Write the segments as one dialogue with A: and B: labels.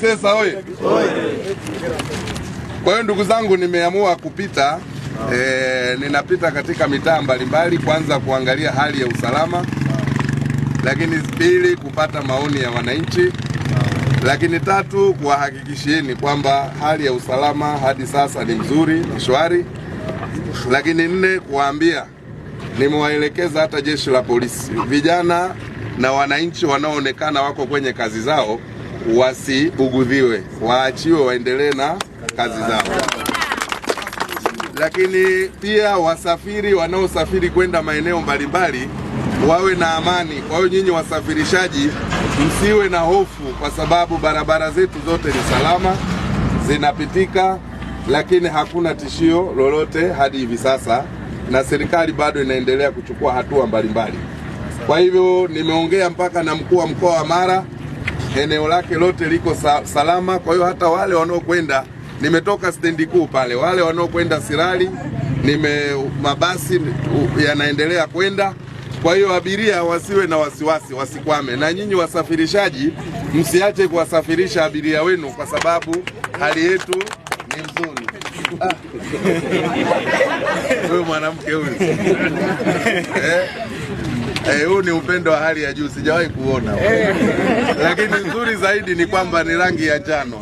A: Sasa oye! Kwa hiyo ndugu zangu, nimeamua kupita e, ninapita katika mitaa mbalimbali, kwanza kuangalia hali ya usalama, lakini pili kupata maoni ya wananchi, lakini tatu kuwahakikishieni kwamba hali ya usalama hadi sasa ni mzuri, ni shwari, lakini nne kuwaambia, nimewaelekeza hata jeshi la polisi, vijana na wananchi wanaoonekana wako kwenye kazi zao wasibugudhiwe, waachiwe waendelee na kazi zao. Lakini pia wasafiri wanaosafiri kwenda maeneo mbalimbali wawe na amani. Kwa hiyo nyinyi wasafirishaji, msiwe na hofu, kwa sababu barabara zetu zote ni salama, zinapitika, lakini hakuna tishio lolote hadi hivi sasa, na serikali bado inaendelea kuchukua hatua mbalimbali. Kwa hivyo nimeongea mpaka na mkuu wa mkoa wa Mara eneo lake lote liko salama. Kwa hiyo hata wale wanaokwenda, nimetoka stendi kuu pale, wale wanaokwenda Sirari nime mabasi yanaendelea kwenda. Kwa hiyo abiria wasiwe na wasiwasi, wasikwame. Na nyinyi wasafirishaji, msiache kuwasafirisha abiria wenu, kwa sababu hali yetu ni nzuri. Ah. Wewe mwanamke huyu eh? Eh, huu ni upendo wa hali ya juu, sijawahi kuona eh. lakini nzuri zaidi ni kwamba ni rangi ya njano.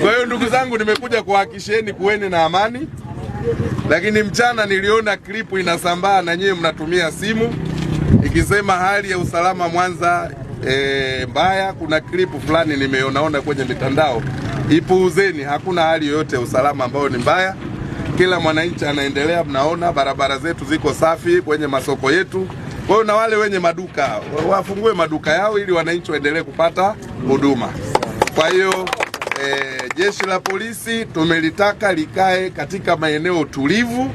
A: Kwa hiyo ndugu zangu, nimekuja kuhakisheni kuweni na amani, lakini mchana niliona klipu inasambaa na nyie mnatumia simu ikisema hali ya usalama Mwanza e, mbaya. Kuna klipu fulani nimeonaona kwenye mitandao, ipuuzeni. Hakuna hali yoyote ya usalama ambayo ni mbaya kila mwananchi anaendelea. Mnaona barabara zetu ziko safi kwenye masoko yetu. Kwa hiyo na wale wenye maduka wafungue maduka yao ili wananchi waendelee kupata huduma. Kwa hiyo e, jeshi la polisi tumelitaka likae katika maeneo tulivu,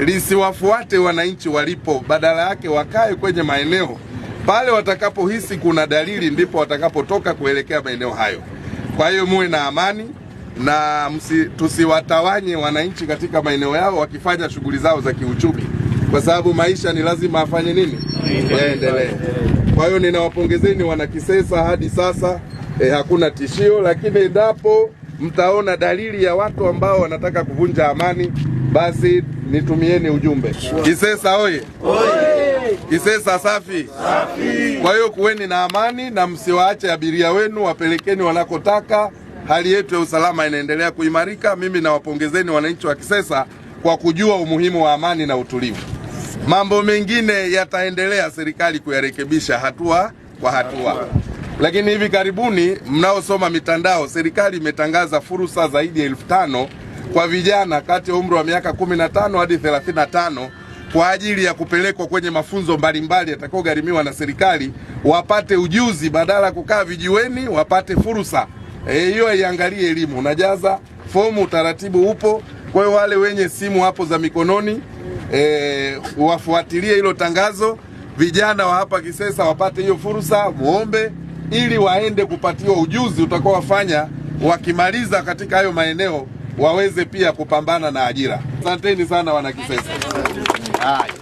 A: lisiwafuate wananchi walipo, badala yake wakae kwenye maeneo pale watakapohisi kuna dalili ndipo watakapotoka kuelekea maeneo hayo. Kwa hiyo muwe na amani na msi, tusiwatawanye wananchi katika maeneo yao wakifanya shughuli zao za kiuchumi, kwa sababu maisha ni lazima afanye nini,
B: yaendelee.
A: Kwa hiyo ninawapongezeni Wanakisesa, hadi sasa eh, hakuna tishio, lakini endapo mtaona dalili ya watu ambao wanataka kuvunja amani, basi nitumieni ujumbe. Kisesa oye! Kisesa safi,
B: safi.
A: Kwa hiyo kuweni na amani na msiwaache abiria wenu, wapelekeni wanakotaka hali yetu ya usalama inaendelea kuimarika. Mimi nawapongezeni wananchi wa Kisesa kwa kujua umuhimu wa amani na utulivu. Mambo mengine yataendelea serikali kuyarekebisha hatua kwa hatua, lakini hivi karibuni, mnaosoma mitandao, serikali imetangaza fursa zaidi ya elfu tano kwa vijana kati ya umri wa miaka 15 hadi 35 kwa ajili ya kupelekwa kwenye mafunzo mbalimbali yatakayogharimiwa na serikali, wapate ujuzi badala ya kukaa vijiweni, wapate fursa Eh, hiyo e, iangalie elimu, unajaza fomu, utaratibu upo. Kwa hiyo wale wenye simu hapo za mikononi e, wafuatilie hilo tangazo, vijana wa hapa Kisesa wapate hiyo fursa, muombe ili waende kupatiwa ujuzi utakaowafanya wakimaliza katika hayo maeneo waweze pia kupambana na ajira. Asanteni sana wana Kisesa.